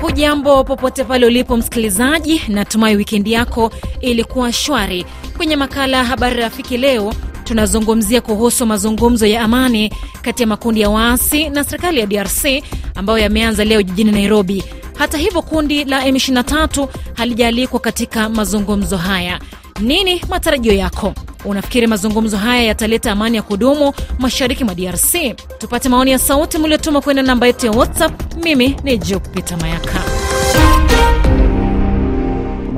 Hujambo popote pale ulipo msikilizaji, natumai wikendi yako ilikuwa shwari. Kwenye makala ya habari rafiki leo tunazungumzia kuhusu mazungumzo ya amani kati ya makundi ya waasi na serikali ya DRC ambayo yameanza leo jijini Nairobi. Hata hivyo, kundi la M23 halijaalikwa katika mazungumzo haya. Nini matarajio yako? Unafikiri mazungumzo haya yataleta amani ya kudumu mashariki mwa DRC? Tupate maoni ya sauti mliotuma kwenda namba yetu ya WhatsApp. Mimi ni Jupita Mayaka.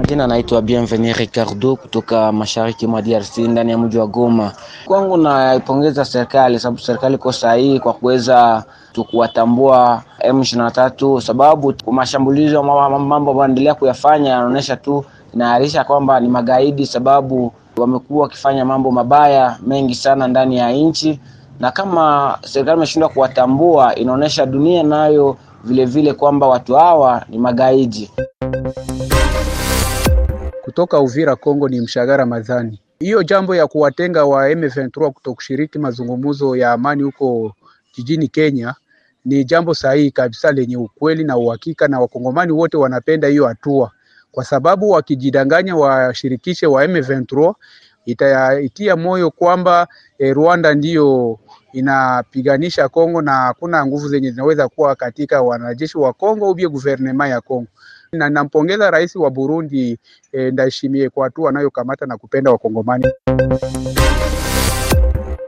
jina anaitwa Bienvenu Ricardo kutoka mashariki mwa DRC ndani ya mji wa Goma. Kwangu naipongeza serikali sababu serikali iko sahihi kwa kuweza tukuwatambua M23, sababu mashambulizi mambo ambayo naendelea kuyafanya yanaonyesha tu inaarisha kwamba ni magaidi sababu wamekuwa wakifanya mambo mabaya mengi sana ndani ya nchi, na kama serikali imeshindwa kuwatambua, inaonyesha dunia nayo vilevile kwamba watu hawa ni magaidi. Kutoka Uvira, Kongo ni Mshagara Ramadhani. Hiyo jambo ya kuwatenga wa M23 kutokushiriki mazungumzo ya amani huko jijini Kenya ni jambo sahihi kabisa lenye ukweli na uhakika, na wakongomani wote wanapenda hiyo hatua kwa sababu wakijidanganya washirikishe wa M23 itaitia moyo kwamba e, Rwanda ndiyo inapiganisha Kongo na hakuna nguvu zenye zinaweza kuwa katika wanajeshi wa Kongo ubie guvernema ya Kongo. Na nampongeza rais wa Burundi e, eh, ndaheshimie kwa hatua anayokamata na kupenda Wakongomani.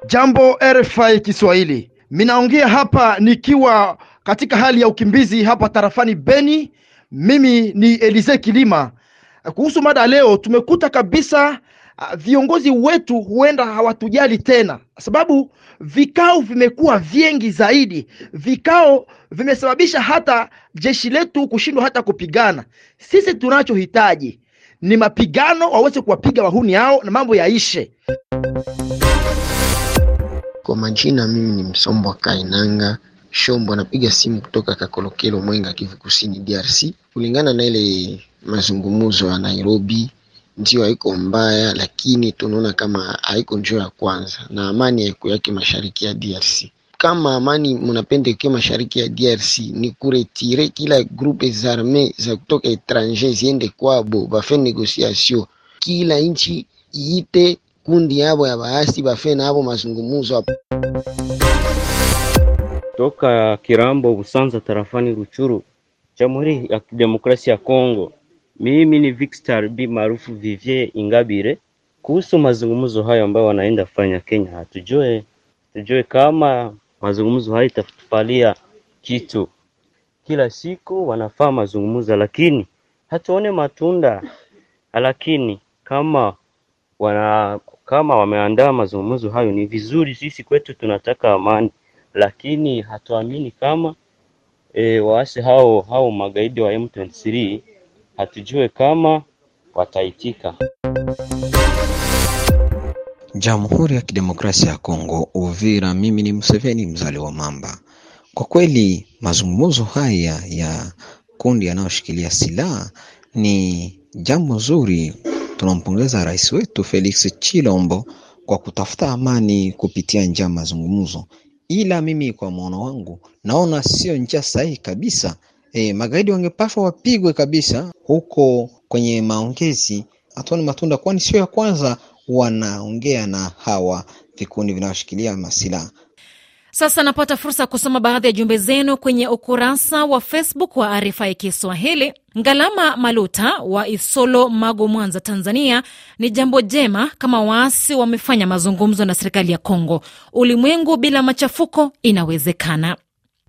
Jambo RFI Kiswahili, minaongea hapa nikiwa katika hali ya ukimbizi hapa tarafani Beni mimi ni Elize Kilima. Kuhusu mada leo, tumekuta kabisa viongozi wetu huenda hawatujali tena, sababu vikao vimekuwa vingi zaidi. Vikao vimesababisha hata jeshi letu kushindwa hata kupigana. Sisi tunachohitaji ni mapigano, waweze kuwapiga wahuni hao na mambo yaishe. Kwa majina, mimi ni Msombwa Kainanga Shombo anapiga simu kutoka Kakolokelo, Mwenga, Kivu Kusini, DRC. Kulingana na ile mazungumzo ya Nairobi, ndio haiko mbaya, lakini tunaona kama haiko njoo ya kwanza, na amani haiko yake mashariki ya DRC. Kama amani mnapenda ke mashariki ya DRC ni kuretire kila grupe zarme za kutoka etranger ziende kwabo, bafe negociation, kila inchi iite kundi yabo ya baasi, bafe nabo mazungumzo hapo toka Kirambo Busanza tarafani Ruchuru Jamhuri ya Kidemokrasia ya Kongo. Mimi ni Victor B maarufu Vivie Ingabire. Kuhusu mazungumzo hayo ambayo wanaenda fanya Kenya, hatujue tujue kama mazungumzo hayo itatupalia kitu. Kila siku wanafaa mazungumzo, lakini hatuone matunda. Lakini kama wana kama wameandaa mazungumzo hayo, ni vizuri. Sisi kwetu tunataka amani, lakini hatuamini kama e, waasi hao hao magaidi wa M23 hatujue kama wataitika. Jamhuri ya Kidemokrasia ya Kongo, Uvira. Mimi ni Museveni mzali wa Mamba. Kwa kweli mazungumzo haya ya kundi yanayoshikilia silaha ni jambo zuri. Tunampongeza rais wetu Felix Chilombo kwa kutafuta amani kupitia njia mazungumzo ila mimi kwa mwono wangu naona sio njia sahihi kabisa. E, magaidi wangepaswa wapigwe kabisa huko kwenye maongezi hatuani matunda, kwani sio ya kwanza wanaongea na hawa vikundi vinayoshikilia masilaha. Sasa napata fursa ya kusoma baadhi ya jumbe zenu kwenye ukurasa wa Facebook wa RFI Kiswahili. Ngalama Maluta wa Isolo, Magu, Mwanza, Tanzania: ni jambo jema kama waasi wamefanya mazungumzo na serikali ya Kongo. Ulimwengu bila machafuko inawezekana.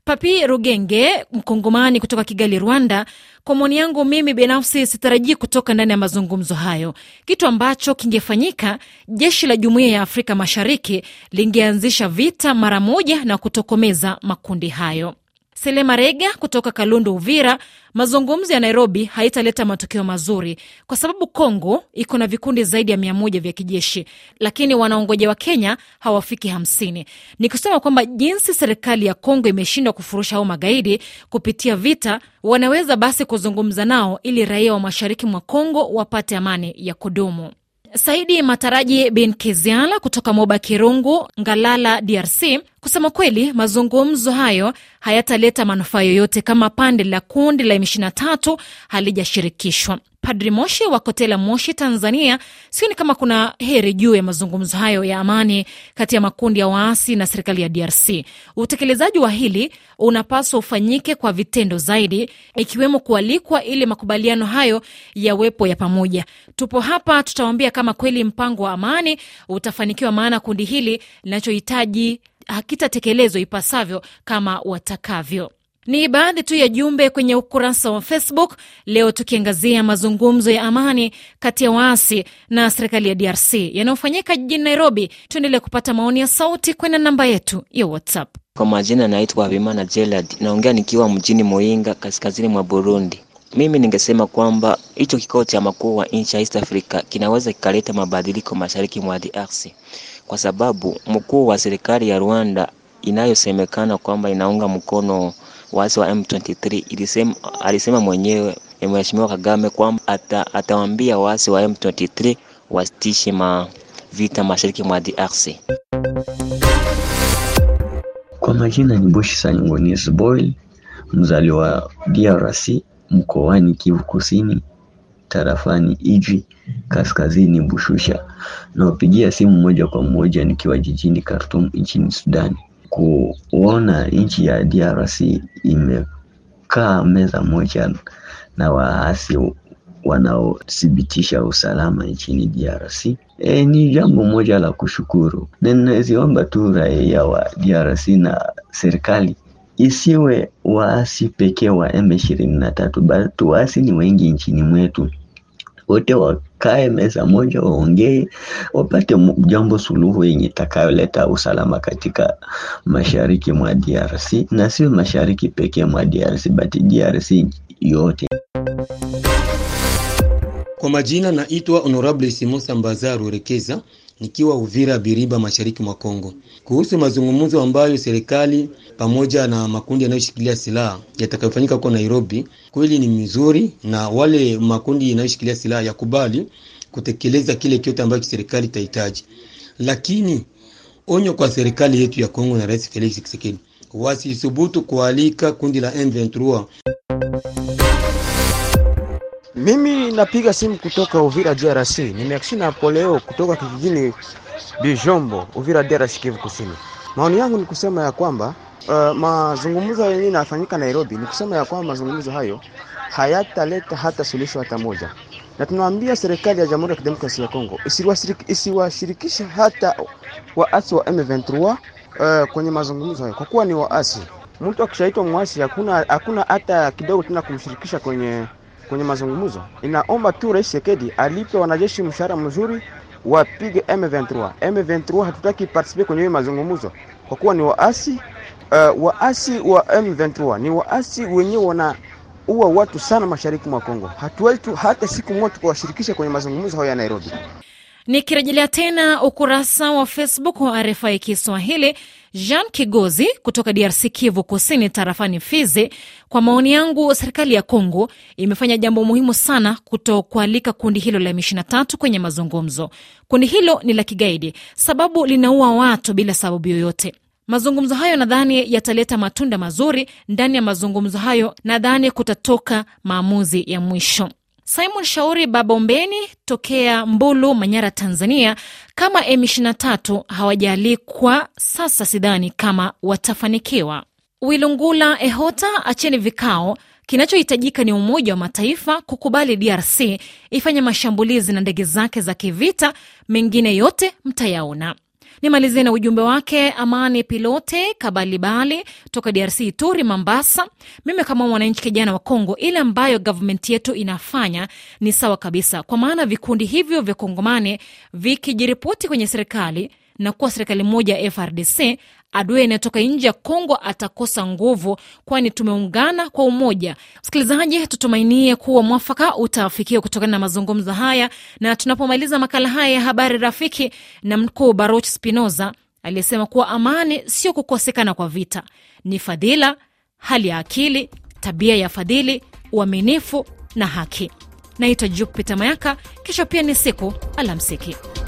Papi Rugenge, mkongomani kutoka Kigali, Rwanda, kwa maoni yangu mimi binafsi sitarajii kutoka ndani ya mazungumzo hayo. Kitu ambacho kingefanyika, jeshi la jumuiya ya Afrika Mashariki lingeanzisha vita mara moja na kutokomeza makundi hayo. Selema Rega kutoka Kalundu, Uvira, mazungumzo ya Nairobi haitaleta matokeo mazuri kwa sababu Kongo iko na vikundi zaidi ya mia moja vya kijeshi, lakini wanaongoja wa Kenya hawafiki hamsini. Ni kusema kwamba jinsi serikali ya Kongo imeshindwa kufurusha au magaidi kupitia vita, wanaweza basi kuzungumza nao ili raia wa mashariki mwa Kongo wapate amani ya kudumu. Saidi Mataraji bin Keziala kutoka Moba Kirungu, Ngalala, DRC Kusema kweli, mazungumzo hayo hayataleta manufaa yoyote kama pande la kundi la M23 halijashirikishwa. Padri Moshi wa Kotela, Moshi, Tanzania, sioni kama kuna heri juu ya mazungumzo hayo ya amani kati ya makundi ya waasi na serikali ya DRC. Utekelezaji wa hili unapaswa ufanyike kwa vitendo zaidi, ikiwemo kualikwa ili makubaliano hayo yawepo ya pamoja. Tupo hapa, tutawaambia kama kweli mpango wa amani utafanikiwa, maana kundi hili linachohitaji hakitatekelezwa ipasavyo kama watakavyo. Ni baadhi tu ya jumbe kwenye ukurasa wa Facebook leo, tukiangazia mazungumzo ya amani kati ya waasi na serikali ya DRC yanayofanyika jijini Nairobi. Tuendelee kupata maoni ya sauti kwenye namba yetu ya WhatsApp. Kwa majina naitwa Vimana Jelad, naongea nikiwa mjini Moinga, kaskazini mwa Burundi. Mimi ningesema kwamba hicho kikao cha makuu wa nchi ya East Africa kinaweza kikaleta mabadiliko mashariki mwa DRC kwa sababu mkuu wa serikali ya Rwanda inayosemekana kwamba inaunga mkono waasi wa M23 ilisema, alisema mwenyewe Mheshimiwa Kagame kwamba ata, atawaambia waasi wa M23 wasitishe mavita mashariki mwa DRC. Kwa majina ni boshi Sangonis Boy, mzaliwa wa DRC mkoani Kivu Kusini, tarafani iji kaskazini Bushusha. Nawapigia simu moja kwa moja nikiwa jijini Khartoum nchini Sudani. Kuona nchi ya DRC imekaa meza moja na waasi wanaothibitisha usalama nchini DRC e, ni jambo moja la kushukuru, na ninaziomba tu raia wa DRC na serikali isiwe waasi pekee wa M23, bali waasi ni wengi nchini mwetu wote wakae meza moja, waongee, wapate jambo suluhu yenye itakayoleta usalama katika mashariki mwa DRC na sio mashariki pekee mwa DRC bati DRC yote. Kwa majina naitwa Honorable Simosa Mbazaru Rekeza nikiwa Uvira Biriba, mashariki mwa Kongo, kuhusu mazungumzo ambayo serikali pamoja na makundi yanayoshikilia silaha yatakayofanyika huko Nairobi. Kweli ni mizuri, na wale makundi yanayoshikilia silaha yakubali kutekeleza kile kiote ambacho serikali itahitaji, lakini onyo kwa serikali yetu ya Kongo na Rais Felix Tshisekedi, wasisubutu kualika kundi la M23 mimi napiga simu kutoka Uvira DRC. Ni Merci Napoleo kutoka kijijini Bijombo, Uvira DRC, Kivu Kusini. Maoni yangu ni kusema ya kwamba uh, mazungumzo yenyewe yanafanyika Nairobi, ni kusema ya kwamba mazungumzo hayo hayataleta hata suluhisho hata moja, na tunawaambia serikali ya Jamhuri ya Kidemokrasia ya Kongo isiwashirikishe hata waasi wa M23 uh, kwenye mazungumzo hayo, kwa kuwa ni waasi. Mtu akishaitwa mwasi hakuna hakuna hata kidogo tena kumshirikisha kwenye kwenye mazungumzo. Inaomba tu Rais Sekedi alipe wanajeshi mshahara mzuri, wapige M23. M23 hatutaki partisipe kwenye hiyo mazungumzo kwa kuwa ni waasi. Uh, waasi wa M23 ni waasi wenyewe wana uwa watu sana mashariki mwa Kongo. Hatuwezi hata siku moja tukawashirikisha kwenye mazungumzo hayo ya Nairobi. Nikirejelea tena ukurasa wa Facebook wa RFI Kiswahili Jean Kigozi kutoka DRC, Kivu Kusini, tarafani Fizi. Kwa maoni yangu, serikali ya Kongo imefanya jambo muhimu sana kutokualika kundi hilo la mishina tatu kwenye mazungumzo. Kundi hilo ni la kigaidi, sababu linaua watu bila sababu yoyote. Mazungumzo hayo nadhani yataleta matunda mazuri. Ndani ya mazungumzo hayo nadhani kutatoka maamuzi ya mwisho. Simon Shauri Babombeni tokea Mbulu, Manyara, Tanzania. Kama M23 hawajaalikwa, sasa sidhani kama watafanikiwa. Wilungula Ehota, acheni vikao. Kinachohitajika ni Umoja wa Mataifa kukubali DRC ifanye mashambulizi na ndege zake za kivita, mengine yote mtayaona. Nimalizie na ujumbe wake Amani Pilote Kabalibali toka DRC, Ituri, mambasa Mimi kama mwananchi kijana wa Kongo, ile ambayo gavumenti yetu inafanya ni sawa kabisa, kwa maana vikundi hivyo vya Kongomani vikijiripoti kwenye serikali na kuwa serikali moja ya FRDC adui anayetoka nje ya Kongo atakosa nguvu, kwani tumeungana kwa umoja. Msikilizaji, tutumainie kuwa mwafaka utafikiwa kutokana na mazungumzo haya, na tunapomaliza makala haya ya habari rafiki na mkuu baroch Spinoza aliyesema kuwa amani sio kukosekana kwa vita, ni fadhila, hali ya akili, tabia ya fadhili, uaminifu na haki. Naitwa Jupita Mayaka. Kesho pia ni siku alamsiki.